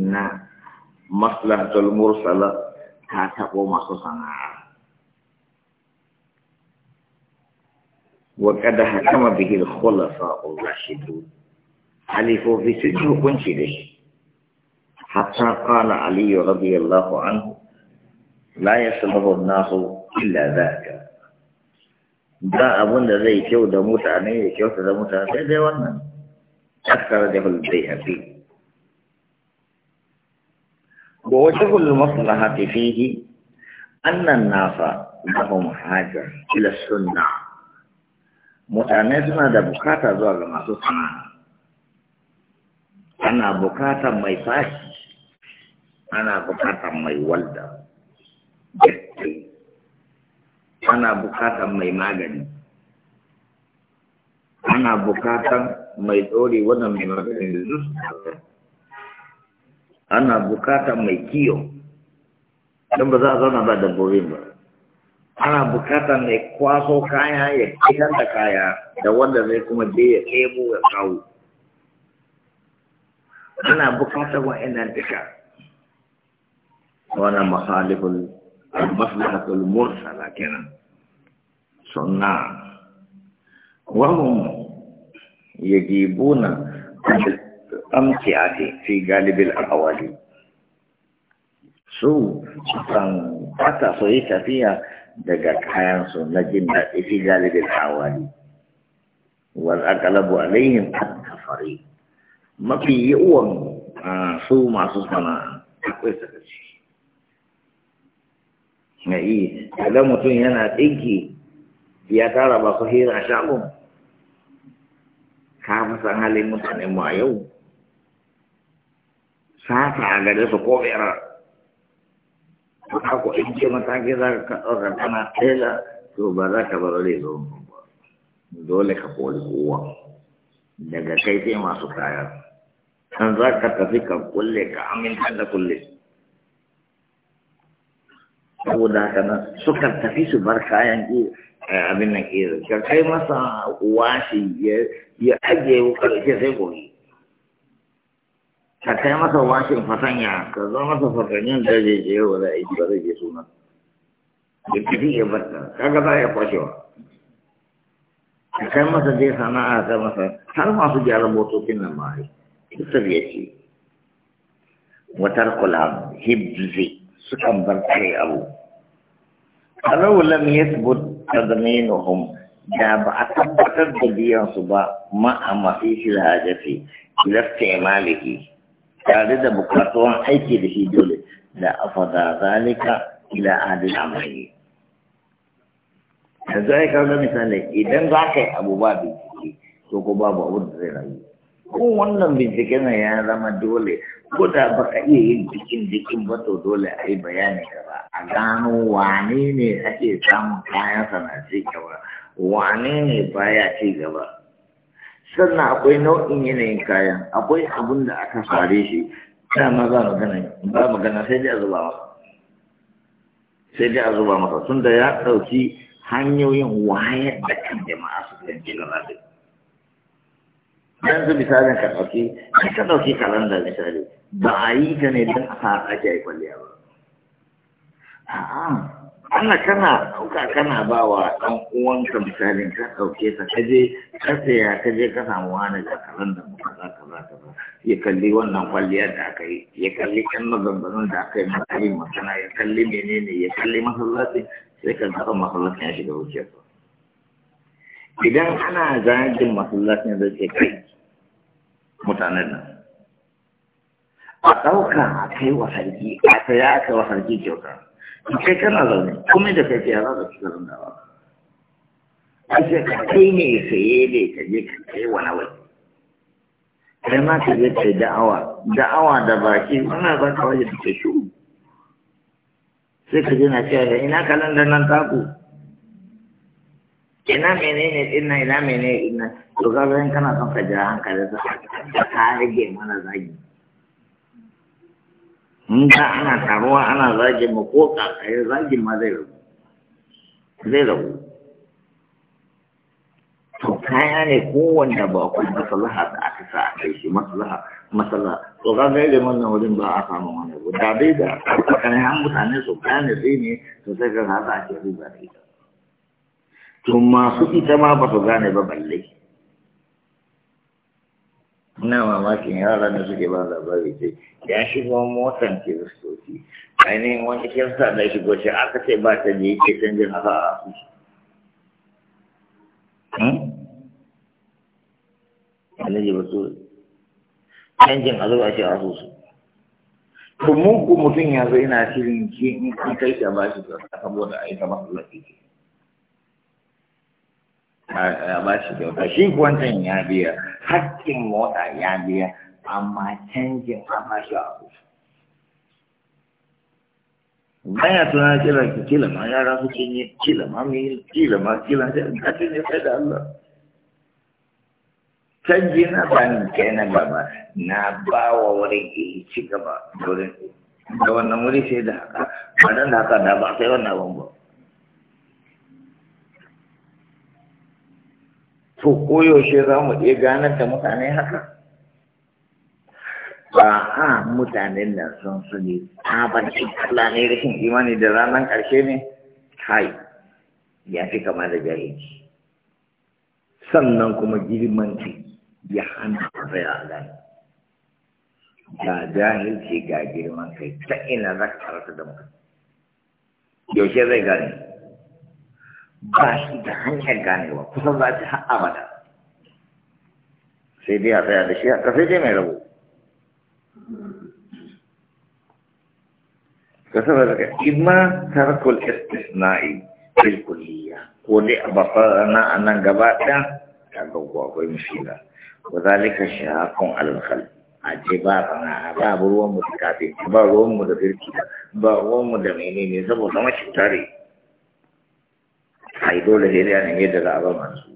na maslahatul mursala ta taɓo masu sana'a وقد حكم به الخلفاء الراشدون عليه في سجن كنت حتى قال علي رضي الله عنه لا يصلح الناس إلا ذاك da abun da zai kyau da mutane ya kyauta da mutane sai dai wannan akthar da hul bayhaqi ووجه المصلحة فيه أن الناس لهم حاجة إلى السنة متنزمة بكاتا زوال ما سنة أنا بكاتا ما يفاش أنا بكاتا ما يولد أنا بكاتا ما يماغني أنا بكاتا ما يدوري ودن من مغني ana bukatar mai kiyo don ba za a zauna ba dabbobin ba ana bukatar mai kwaso kaya ya fitar da kaya da wanda zai kuma je ya ɗebo ya kawo ana bukatar wa'annan duka wannan masalihul maslahatul mursala kenan sunna wa yajibuna amki'ati fi galibil ahwali su kan fata su yi tafiya daga kayansu na jin daɗi fi galibin hawali wal aqlabu alaihim at-tafari mafi yawan su masu sana'a akwai sakaci na yi idan mutum yana tsinki ya tara ba su hira shagon ka fi san halin mutane mu yau sata a gare su ko bera to ka ko in ce mataki za ka ɗauka kana tela to ba za ka bar rai zo dole ka koli kowa daga kai sai masu kaya san za ka tafi ka kulle ka aminta da kulle saboda haka nan sukan tafi su bar kayan eh, abin nan ƙera ka kai masa washi ya ajiye wukar ke sai gobe ka kai masa washin fatanya ka zo masa fatanyan da zai je wa da aiki ba zai je sunan. da tafi ya barta kaga za ya kwashewa ka kai masa dai sana'a ta masa har masu gyara motocin nan ma ai duk tafiya ce watar kula hibzi sukan bar kare abu kalau lam yathbut tadminuhum da ba a tabbatar da biyan su ba ma'a mafi shi da hajjafi ila istimaliki tare da bukatuwan aiki da shi dole da afada zalika ila adil amali yanzu ai kaga misali idan za ka yi abu ba bincike to ko babu ba da zai rayu ko wannan bincike na ya zama dole ko da ba ka iya yin cikin jikin ba to dole a yi bayani gaba a gano wane ne ake samun kayan sanar ci gaba wane ne baya ci gaba sannan akwai nau'in yanayin kayan akwai abin da aka fare shi ma za magana ba magana sai dai a zuba masa sai dai a zuba masa tun da ya ɗauki hanyoyin wayar da kan jama'a su kan jilar abin yanzu misalin ka ɗauki an ka ɗauki kalanda misali ba a yi ta ne don a sa ake kwalliya ba a'a Allah kana ɗauka kana ba wa ɗan uwanka misalin ka ɗauke ta ka je ka tsaya ka je ka samu wani da da muka za ka za ka ya kalli wannan kwalliyar da aka yi ya kalli kan maganganun da aka yi matsayi masana ya kalli menene ya kalli masallaci sai ka zaɓa masallacin ya shiga zuciyarsa idan ana zagin masallacin zai ke kai mutanen nan a ɗauka a kai wa sarki a saya kai wa sarki kyauta kai kana zaune kuma da kai ya za ka ci garin da ba a ce ka kai ne saye ne ka je ka kai wani wai kai ma ka je ka awa, da'awa da'awa da baki ana ba ka waje da ke shuru sai ka je na cewa da ina ka nan taku ina menene dinna ina menene ina? to ga in kana son ka ja hankali sa ka rage mana zagi in da ana taruwa ana zagin mu ko kakaye zagin ma zai rabu zai rabu to kaya ne kowanda ba ku maslaha da aka sa a kai shi maslaha maslaha to ga ga da wannan wurin ba a samu wani abu da dai da kan han mutane su gane sai ne to sai ga haka ake riba ita to masu ita ma ba su gane ba balle ina mamakin ya da suke ba labari ce ya shigo motan kiristoci ainihin wani kirista da shigo ce aka ce ba ta da yake canjin hasa a su hmm? alaji ba su canjin a zuwa ce a su su kuma mutum ya zo ina shirin ki in kai ta ba shi saboda aika masu lafiya a ba shi kyauta shi wancan ya biya hakkin mota ya biya amma canjin an ba shi abu baya tunanin kila ki kila ma yara su kin yi kila ma mi kila ma kila sai ka tunye sai da Allah canji na bani kai na gaba na ba wa ke ki ci gaba wurin da wannan wuri sai da haka ba dan da haka da ba sai wannan abun ba to ko yaushe za mu iya ganar da mutane haka ba a mutanen nan sun sani tabbacin Allah ne rashin imani da ranar ƙarshe ne kai ya fi kama da jahilci sannan kuma girmanci ya hana zai a gani ga jahilci ga girman kai ta ina za ka karatu da mutum yaushe zai gane ba shi da hanyar ganewa kusan za ta har abada sai dai a tsaya da shi a kasai dai mai rabo kasar da daga imma tarkul istisna'i fil kulliya ko dai a babbar a nan gaba ɗaya ta gaggawa akwai mishila wa zalika shakun alkhal a ce ba sana'a ba ruwan mu da kafin ba ruwan mu da birki ba ruwan mu da menene saboda mashi tare ai dole sai da ne yadda za a ba masu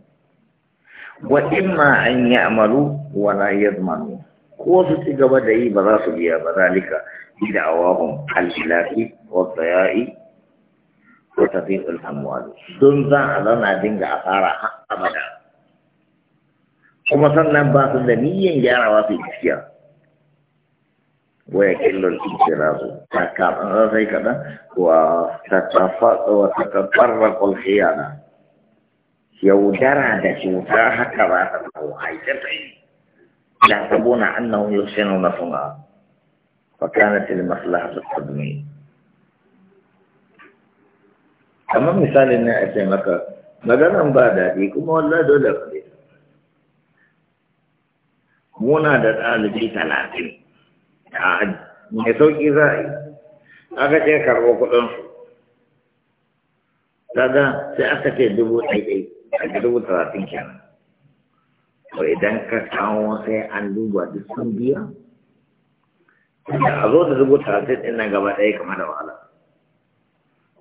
wa imma an ya'malu wa la yadmanu ko su ci gaba da yi ba za su biya ba zalika ida awahum al-ilahi wa daya'i wa tadhiq al-amwal don za a zana dinga asara har abada kuma sannan ba su da niyyan gyarawa su gaskiya ويكل الاعتراض تكرر زي كده وتتطرق الخيانة يودر هذا شوتا هكذا وحيثتين يحسبون أنهم يحسنون صنعا فكانت المصلحة تقدمي أما مثال إن أسمك مثلا بعد هذيكم والله دولة منا دلالة ثلاثين a mai sauƙi za a yi aka ce karɓo su. daga sai aka ce dubu ɗaiɗai a dubu talatin kenan to idan ka kawo sai an duba duk sun biya a zo da dubu talatin ɗin nan gaba ɗaya kamar da wahala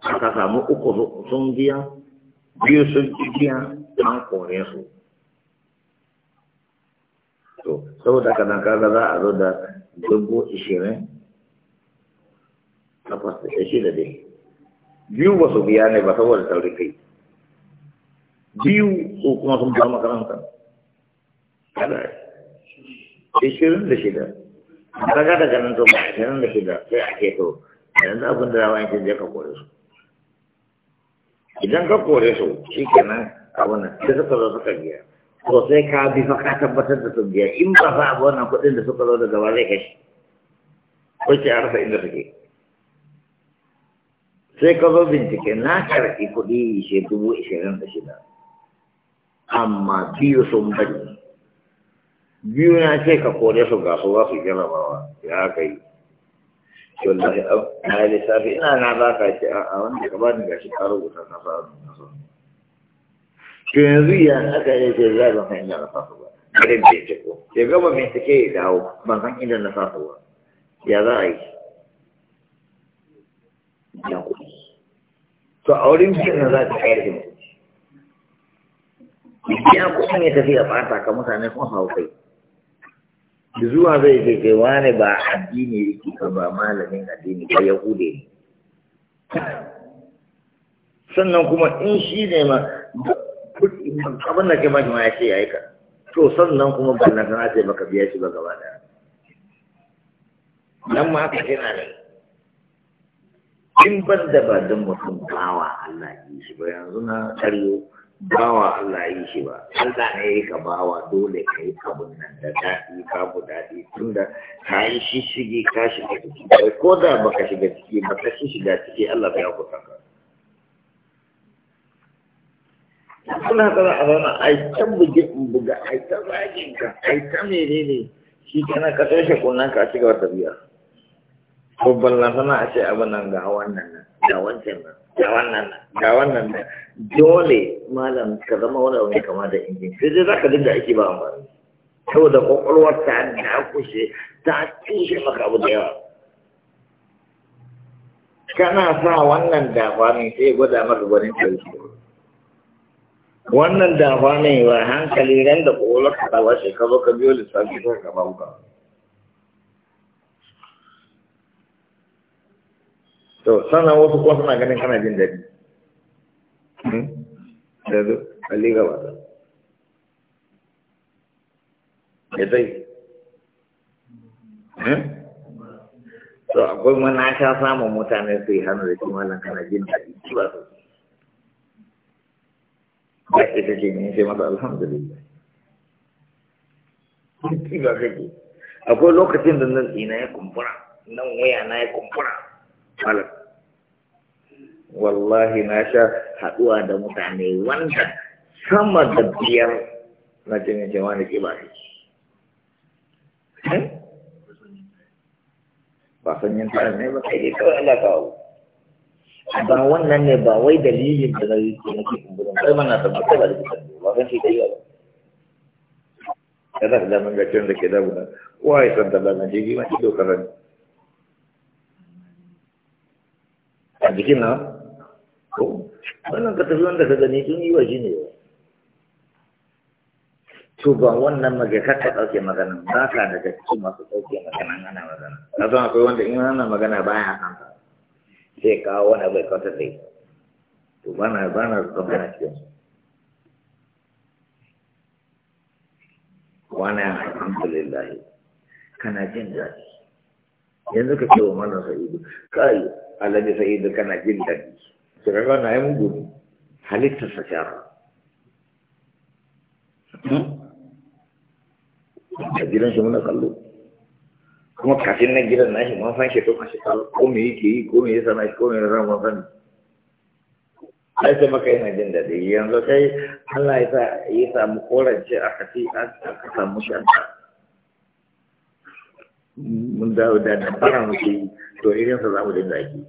aka samu uku sun biya biyu sun biya an kore su to saboda haka nan kaga za a zo da dubu ishirin takwas da da dai biyu ba su biya ne ba saboda taurin kai biyu ko kuma sun bar makaranta kada ishirin da shida daga daga nan to ba ashirin da shida sai a ke to yanzu abin da zama yake je ka kore su idan ka kore su shi kenan abin da suka zo suka biya to sai ka bi fa ka tabbatar da sun biya in ba fa abu wannan kuɗin da suka zo da gaba zai ko wace a rasa inda take sai ka zo bincike na karɓi kuɗi shi dubu ishirin da shida amma biyu sun bari biyu na ce ka kore su ga su za su bawa ya kai wallahi a lissafi ina na za ka ce a wanda ka bani shi karo rubuta na sa to yanzu ya aka yi ce za ba san inda na sasu ba irin da ya ko ya gaba mai take ya dawo ba san inda na sasu ba ya za a yi ya kuɗi to a wurin biyan na za ta kayar da mutum ya kuɗin ya tafi a ɓata ka mutane kuma hau kai zuwa zai ce kai wani ba addini yake ka ba malamin addini ba yahude ne sannan kuma in shi ne ma abin da ke ba ya ce ya ka to sannan kuma ba na gana ce maka biya shi ba gaba da nan ma haka kina ne in ban da ba don mutum bawa Allah yi shi ba yanzu na karyo bawa Allah yi shi ba Allah ne yi ka bawa dole ka yi abin nan da daɗi babu daɗi tunda ka yi shi shige ka shiga ciki ko da baka shiga ciki ba ka shi shiga ciki Allah ya kusa ka suna tsara a zauna a yi can buge in buga a yi ta zagin ka a yi ta menene shi kana ka toshe kunnan ka a ci gaba tafiya babban lafana a ce abin nan ga wannan nan ga wancan nan ga wannan nan ga wannan nan dole malam ka zama wani abu kama da injin sai dai zaka dinga aiki ba amfani saboda kwakwalwar ta kushe, ta tushe maka abu da yawa kana sa wannan dafa ne sai gwada maka gwanin tarihi wannan dafa ne wa hankali ran da ƙwaƙwalwa ka dawa shekaru ka biyo lissafi ko ka bauka to sana wasu kuma suna ganin kana jin daɗi hmm? da zo kalli gaba ta ya zai hmm? to akwai mana ka samun mutane su yi hannu da kimanin kana jin daɗi ba su alhamdulillah akwai lokacin da nan ina ya kumbura nan waya na ya kumbura malam wallahi na sha haɗuwa da mutane wanda sama da biyar na jinin jama'a da ke ba shi eh? ba wannan ne ba wai dalilin da zai ke nake kumburin kai mana da mutum da rubuta ba kan shi kai ba kada da mun ga wanda ke da kowa wai san da jirgin ji gima ido karan a jikin na ko wannan ka tafi wanda ka gani tun yi wa shi ne to ba wannan maga ka ta ɗauke magana ba ka daga cikin masu ɗauke magana ana magana zama akwai wanda in ana magana baya kanta sai kawo wani bai kwata dai to bana bana zama na cikin wani alhamdulillah kana jin daɗi yanzu ka ce wa malam sa'idu kai alhaji sa'idu kana jin daɗi Kira ka ga na yi mugu halittar sa shara a gidan shi muna kallo kuma kafin nan gidan nashi mun san shi tun a shekara ko me yake yi ko me ya sana ko me ya zama sani ai sai maka yana jin daɗi yanzu kai Allah ya sa ya samu korance aka ci aka samu shanta mun dawo da dabara muke yi to irin sa zamu dinga yi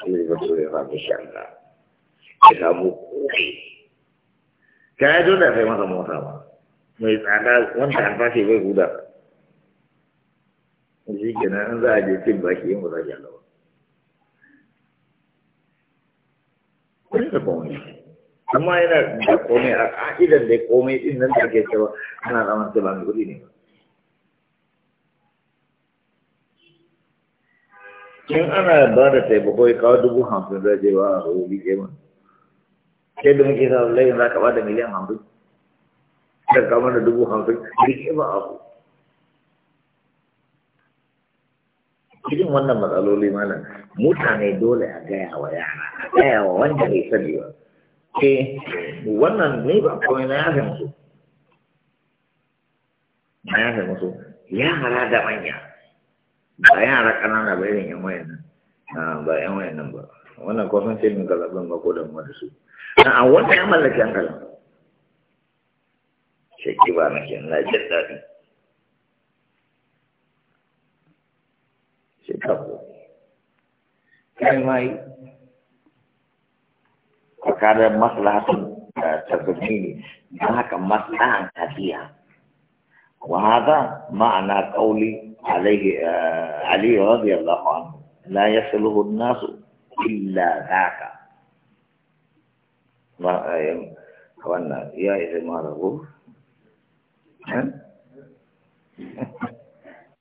Allah ya so ya samu shanta ya samu kuri kai dole sai masa mota ba mai tsada wanda albashi bai guda shi ke nan za a je cin baki yin ba za ki alawa wani da komai amma yana da komai a ƙa'idan da komai din nan da ke cewa ana zaman ta ba mai kuɗi ne in ana ba da taimako ya kawo dubu hamsin za je ba a rubu bi ke mun sai da muke sa lai za ka ba da miliyan hamsin da kama da dubu hamsin duk ba a ku cikin wannan matsaloli mana mutane dole a gaya wa yara a gaya wa wanda bai sani ba ke eh, wannan ne ba kawai na yafe musu na yafe musu yara da manya ba yara ƙanana ba irin yan wayan nan ah, ba yan wayan nan ba wannan kwasan ce min galabin ba ko da mu da su na a wannan ya mallaki an galan shakki ba na kenan na jin daɗi تتقوا كلمة وكان مصلحة تضمين هناك مصلحة كثيرة وهذا معنى قولي عليه آه، علي رضي الله عنه لا يصله الناس إلا ذاك آه، وأن يا إذا ما رغوه